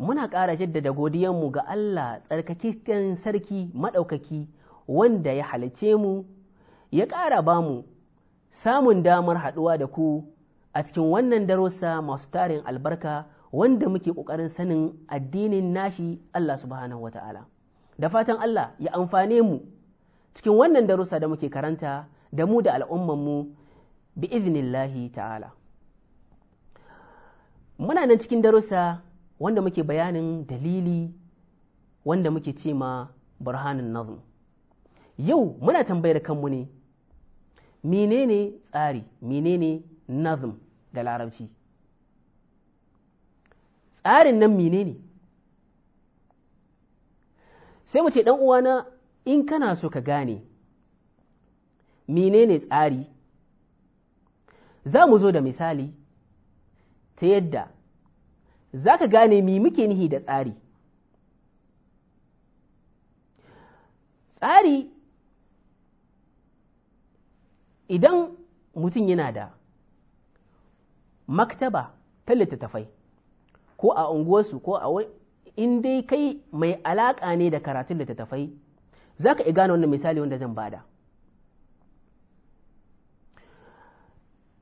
muna ƙara jaddada godiyanmu ga Allah tsarkakken sarki maɗaukaki wanda ya halice mu ya ƙara ba mu samun damar haɗuwa da ku a cikin wannan darussa masu tarin albarka wanda muke ƙoƙarin sanin addinin nashi Allah subhanahu wata'ala da fatan Allah ya amfane mu cikin wannan darussa da muke karanta da mu da al'ummanmu bi iznillahi ta'ala muna nan cikin darussa wanda muke bayanin dalili wanda muke ce ma burhanin nazm yau muna tambayar kanmu ne menene tsari menene nazm da larabci tsarin nan menene sai mu ce dan uwana in kana so ka gane menene tsari za mu zo da misali ta yadda za ka gane mi muke nihi da tsari tsari idan mutum yana da maktaba ta littattafai ko a unguwarsu ko a in dai kai mai alaƙa ne da karatun littattafai za ka gane wannan misali wanda zan bada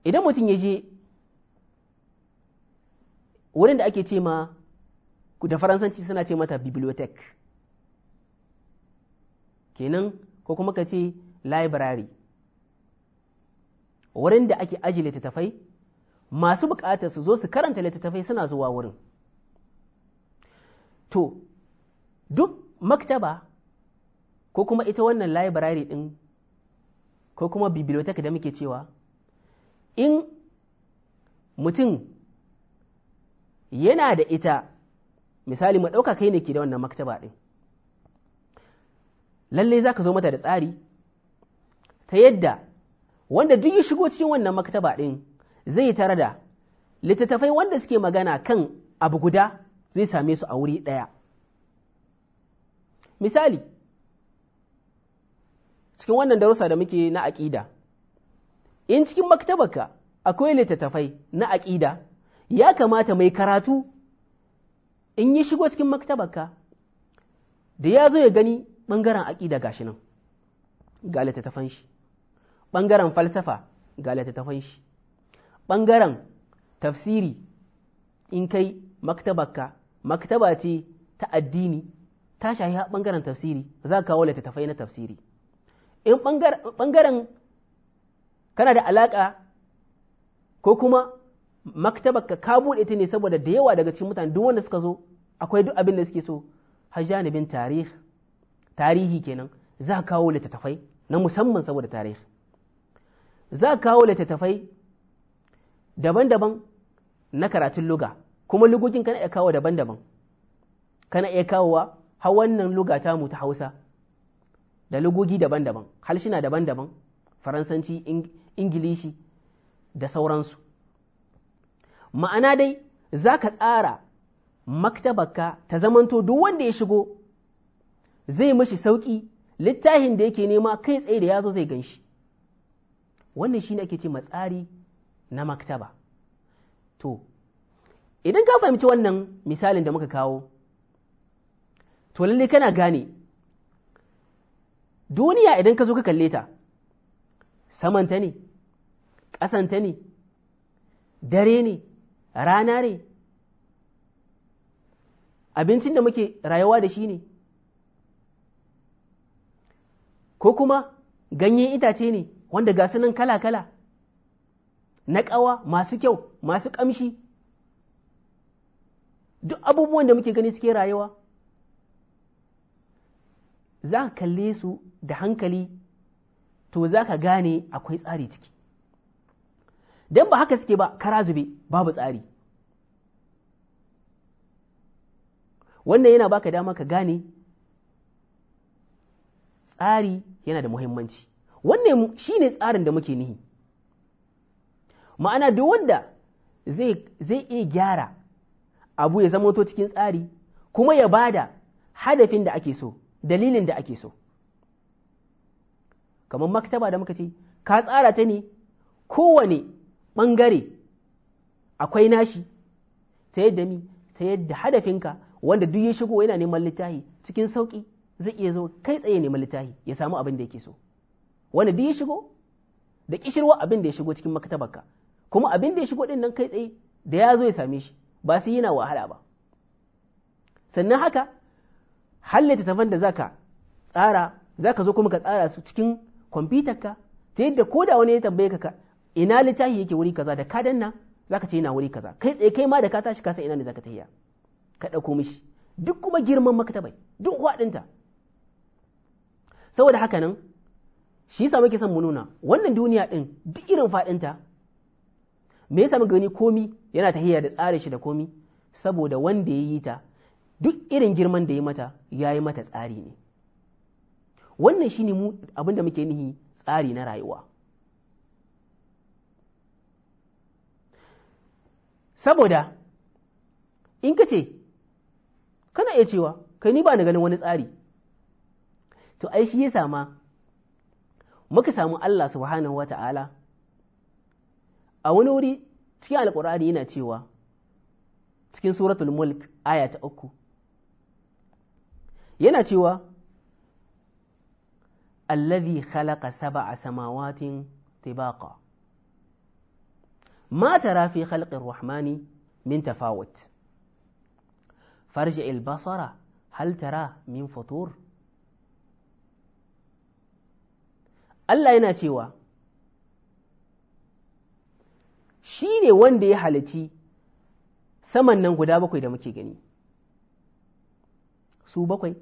idan mutum ya je wurin da ake ce ma da faransanci suna ce mata bibliotheque kenan ko kuma ka ce library wurin da ake ajiye littattafai masu bukatar su zo su karanta littattafai suna zuwa wurin to duk maktaba ko kuma ita wannan library din ko kuma bibliotheque da muke cewa in mutum yana da ita misali mu ɗauka kai ne ke da wannan maktaba ɗin lallai za ka zo mata da tsari ta yadda wanda duk ya shigo cikin wannan maktaba ɗin zai tare da littattafai wanda suke magana kan abu guda zai same su a wuri ɗaya misali cikin wannan darussa da muke na aƙida in cikin maktabarka akwai littattafai na aƙida ya kamata mai karatu in yi shigo cikin maktabarka da ya zo ya gani ɓangaren aƙida gashi nan ga littattafan shi ɓangaren falsafa ga littattafan shi ɓangaren tafsiri in kai maktabarka maktaba ce ta addini ta shahi ɓangaren tafsiri za ka kawo littattafai na tafsiri in ɓangaren kana da alaƙa ko kuma maktabar ka buɗe ta ne saboda da yawa daga cikin mutane duk wanda suka zo akwai duk abin da suke so har janibin tarihi tarihi kenan za ka kawo littattafai na musamman saboda tarihi za ka kawo littattafai daban-daban na karatun luga kuma lugogin kana iya kawo daban-daban kana iya kawowa har wannan luga ta mu ta Hausa da lugogi daban-daban halshina daban-daban faransanci ingilishi da sauransu ma'ana dai za ka tsara maktabarka ta zamanto duk wanda ya shigo zai mashi sauƙi littafin da yake nema kai tsaye da ya zo zai gan shi wannan shi ne ake ce matsari na maktaba to idan ka fahimci wannan misalin da muka kawo to lalle kana gane duniya idan ka zo ka kalle ta samanta ne ƙasanta ne dare ne rana ne abincin da muke rayuwa da shi ne ko kuma ganye itace ne wanda ga nan kala-kala na ƙawa masu kyau masu ƙamshi duk abubuwan da muke gani suke rayuwa za ka kalle su da hankali to za ka gane akwai tsari ciki don ba haka suke ba kara zube babu tsari wannan yana baka dama ka gane tsari yana da muhimmanci wannan shi ne tsarin da muke nihi ma'ana duk wanda zai iya gyara abu ya zama to cikin tsari kuma ya bada hadafin da ake so dalilin da ake so kamar maktaba da muka ce ka tsara ta ne kowane ɓangare akwai nashi ta yadda mi ta yadda hadafinka wanda duk ya shigo yana neman littafi cikin sauƙi zai iya zo kai tsaye neman littafi ya samu abin da yake so wanda duk ya shigo da kishirwa abin da ya shigo cikin maktabarka kuma abin da ya shigo din nan kai tsaye da ya zo ya same shi ba sai yana wahala ba sannan haka hallita tafan da zaka tsara zaka zo kuma ka tsara su cikin kwamfutarka ta yadda ko da wani ya tambaye ka ina littafi yake wuri kaza da ka danna zaka ce yana wuri kaza kai tsaye kai ma da ka tashi ka san ina ne zaka tafiya ka ɗauko mishi duk kuma girman maktabai duk hwaɗinta saboda haka nan shi yasa muke son mu nuna wannan duniya ɗin duk irin faɗinta me yasa muka gani komi yana tahiya da tsare shi da komi saboda wanda ya yi ta duk irin girman da ya mata ya yi mata tsari ne wannan shine mu abin muke nihi tsari na rayuwa saboda in ka ce kana iya cewa kai ni ba na ganin wani tsari to ai shi ya sama muka samu Allah subhanahu wa ta'ala a wani wuri cikin alkur'ani yana cewa cikin suratul mulk aya ta uku yana cewa allazi khalaqa sab'a samawatin tibaqa ما ترى في خلق الرحمن من تفاوت فرجع البصر هل ترى من فطور Allah yana cewa shi ne wanda ya halici saman nan guda bakwai da muke gani su bakwai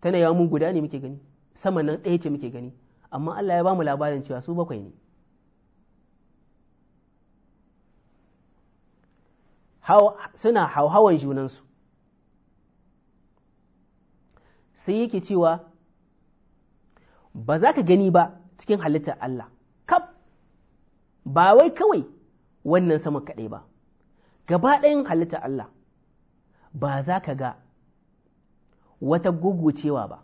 tana yawon mun guda ne muke gani saman nan ɗaya ce muke gani amma Allah ya ba mu labarin cewa su bakwai ne suna hauhawan junansu sai yake cewa ba za ka gani ba cikin halittar Allah kab. ba wai kawai wannan sama kaɗai ba gaba ɗayan halittar Allah ba za ka ga wata gugucewa ba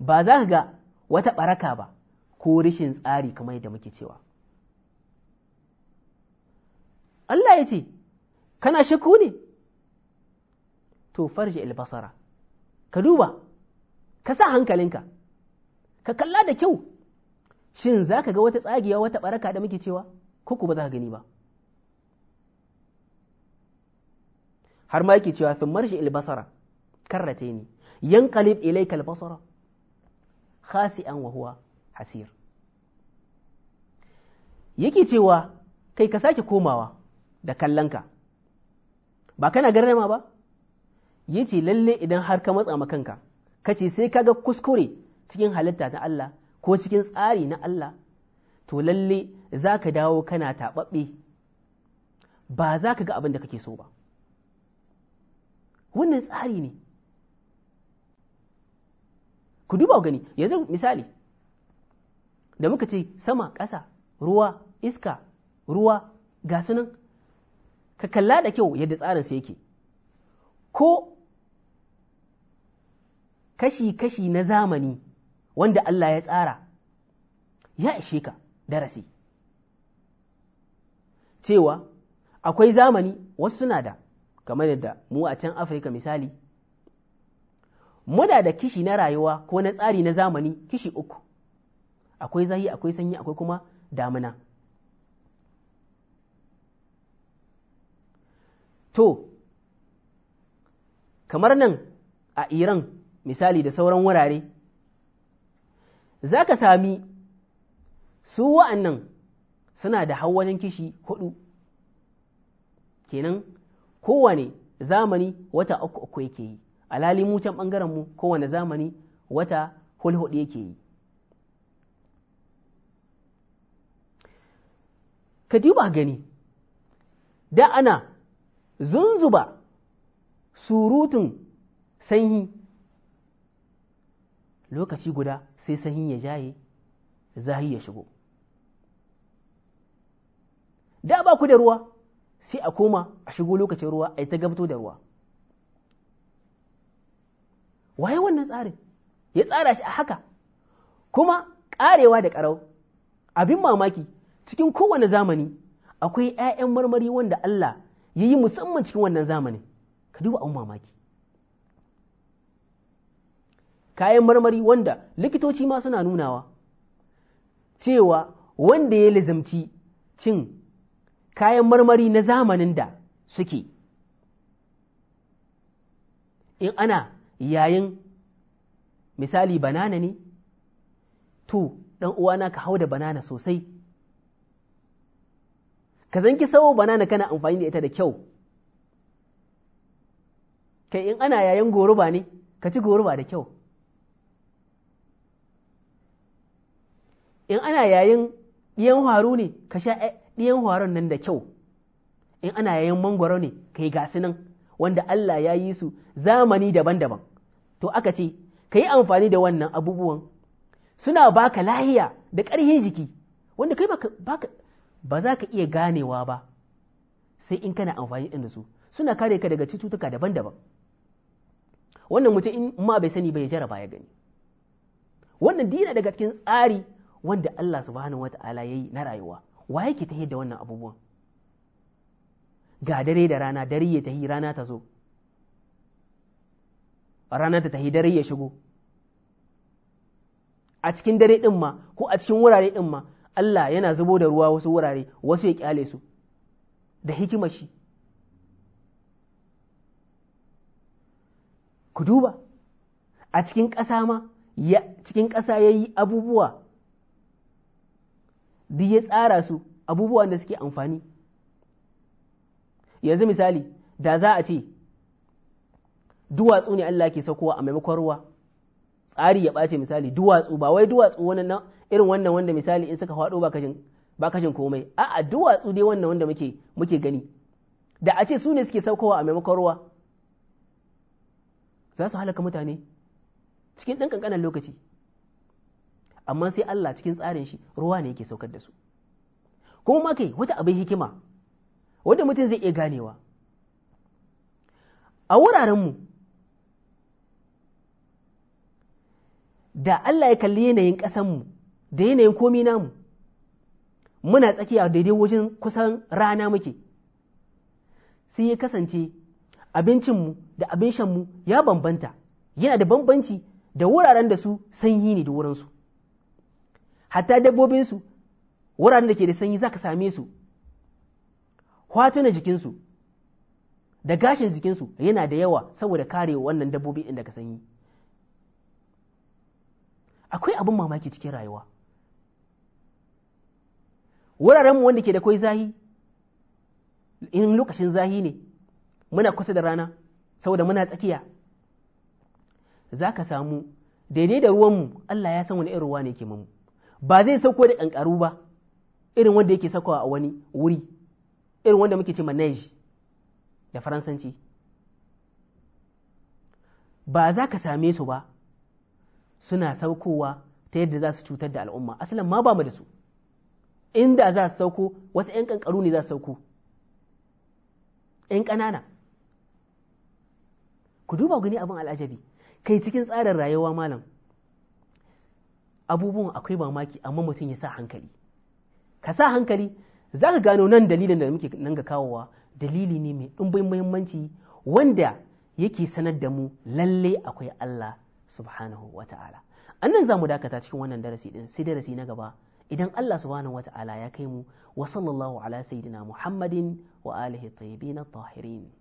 ba za ka ga wata ɓaraka ba ko rashin tsari kamar yadda muke cewa Allah ya ce kana shakku ne to farji albasara ka duba ka sa hankalinka ka kalla da kyau shin za ka ga wata tsagiya wata baraka da muke cewa ko ba za ka gani ba har ma yake cewa fin marshi albasara karrate ne yanqalib ilayka albasara an wa huwa hasir yake cewa kai ka sake komawa da kallonka ba kana garrama ba ya ce lalle idan har ka matsa makanka ka ce sai ka ga kuskure cikin halitta ta Allah ko cikin tsari na Allah to lalle za ka dawo kana taɓaɓɓe ba za ka ga abin da kake so ba wannan tsari ne ku duba gani yanzu misali da muka ce sama ƙasa ruwa iska ruwa ga sunan ka kalla da kyau yadda tsarin su yake ko kashi-kashi na zamani wanda Allah ya tsara ya ishe ka darasi cewa akwai zamani wasu suna da kamar yadda mu a can Afirka misali muna da kishi na rayuwa ko na tsari na zamani kishi uku akwai zahi akwai sanyi akwai kuma damina to kamar nan a iran misali da sauran wurare za ka sami su wa'annan suna da wajen kishi hudu kenan kowane zamani wata uku uku yake yi a mu can ɓangaren mu kowane zamani wata hulhuɗu yake yi ka duba gani da ana zunzuba surutun sanyi lokaci guda sai sanyi ya jaye zahi ya shigo da ba ku da ruwa sai a koma a shigo lokacin ruwa a yi ta gabto da ruwa waye wannan tsarin ya tsara shi a haka kuma ƙarewa da ƙarau abin mamaki cikin kowane zamani akwai ‘ya'yan marmari wanda Allah yi musamman cikin wannan zamani, ka duba abin mamaki kayan marmari wanda likitoci ma suna nunawa cewa wanda ya lizamci cin kayan marmari na zamanin da suke in ana yayin misali banana ne to ɗan uwana ka hau da banana sosai ka zanki sawo banana kana amfani da ita da kyau kai in ana yayin goruba ne ka ci goruba da kyau in ana yayin ɗiyan haru ne ka sha ɗiyan haron nan da kyau in ana yayin mangwaro ne ka yi gasu nan wanda Allah ya yi su zamani daban-daban to aka ce ka yi amfani da wannan abubuwan suna baka lahiya da ƙarhin jiki wanda kai ba za ka iya ganewa ba sai in kana amfani ɗin da su suna kare ka daga cututtuka daban-daban wannan mutum in ma bai sani bai jaraba ya gani wannan dina daga cikin tsari wanda Allah subhanahu wata'ala ya yi na rayuwa wa yake ta da wannan abubuwan ga dare da rana dare ya tahi rana ta zo rana ta tahi dare ya shigo a cikin dare ɗin ma ko a cikin wurare ɗin ma Allah yana zubo da ruwa wasu wurare wasu ya kyale su da hikimar shi ku duba a cikin ƙasa ma ya cikin ƙasa ya yi abubuwa duk tsara su abubuwan da suke amfani yanzu misali da za a ce duwatsu ne Allah ke saukowa a maimakon ruwa tsari ya ɓace misali duwatsu ba wai duwatsu wannan irin wannan wanda misali in suka faɗo ba kashin ba kashin komai a'a duwatsu dai wannan wanda muke muke gani da a ce su ne suke saukowa a maimakon ruwa za su halaka mutane cikin ɗan ƙanƙanan lokaci amma sai Allah cikin tsarin shi ruwa ne yake saukar da su kuma ma kai wata abin hikima wanda mutum zai iya ganewa a wurarenmu da Allah ya kalli yanayin ƙasanmu da yanayin komi namu muna tsakiya daidai wajen kusan rana muke sai ya kasance abincinmu da abin shanmu ya bambanta yana da bambanci da wuraren da su sanyi ne da wurinsu hatta dabbobinsu wuraren da ke da sanyi za ka same su kwatuna jikinsu da gashin jikinsu yana da yawa saboda kare wannan dabbobi ɗin ka sanyi akwai abin mamaki cikin rayuwa wurarenmu wanda ke da kwai zahi in lokacin zahi ne muna kusa da rana saboda muna tsakiya za ka samu daidai da ruwanmu Allah ya san wani irin ruwa ne ke mamu ba zai sauko da ƙanƙaru ba irin wanda yake sakawa a wani wuri irin wanda muke ce manage da faransanci ba za ka same su ba suna saukowa ta yadda za su cutar da al'umma asalin ma ba mu da su inda za su sauko wasu 'yan ƙanƙaru ne za su sauko 'yan ƙanana ku duba gani abin al'ajabi kai cikin tsarin rayuwa malam abubuwan akwai mamaki amma mutum ya sa hankali ka sa hankali za ka gano nan dalilin da muke nan ga kawowa dalili ne mai ɗumbin muhimmanci wanda yake sanar da mu lallai akwai Allah subhanahu wata'ala annan za mu dakata cikin wannan darasi din sai darasi na gaba idan Allah subhanahu wa ya kai mu wa sallallahu ala sayidina muhammadin wa alihi tayyibin tahirin